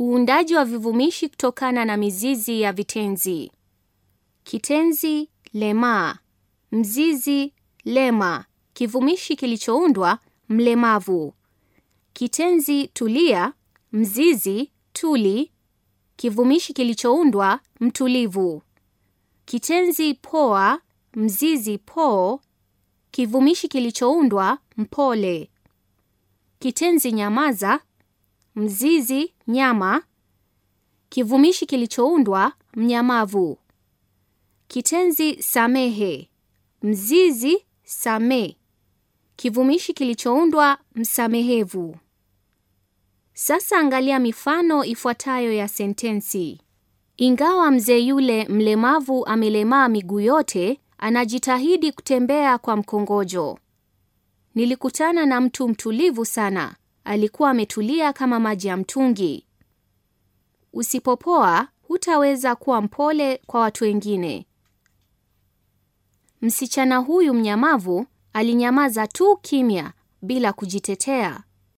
Uundaji wa vivumishi kutokana na mizizi ya vitenzi. Kitenzi lemaa, mzizi lema, kivumishi kilichoundwa mlemavu. Kitenzi tulia, mzizi tuli, kivumishi kilichoundwa mtulivu. Kitenzi poa, mzizi poo, kivumishi kilichoundwa mpole. Kitenzi nyamaza mzizi nyama, kivumishi kilichoundwa mnyamavu. Kitenzi samehe, mzizi same, kivumishi kilichoundwa msamehevu. Sasa angalia mifano ifuatayo ya sentensi: ingawa mzee yule mlemavu amelemaa miguu yote, anajitahidi kutembea kwa mkongojo. Nilikutana na mtu mtulivu sana alikuwa ametulia kama maji ya mtungi. Usipopoa, hutaweza kuwa mpole kwa watu wengine. Msichana huyu mnyamavu alinyamaza tu kimya bila kujitetea.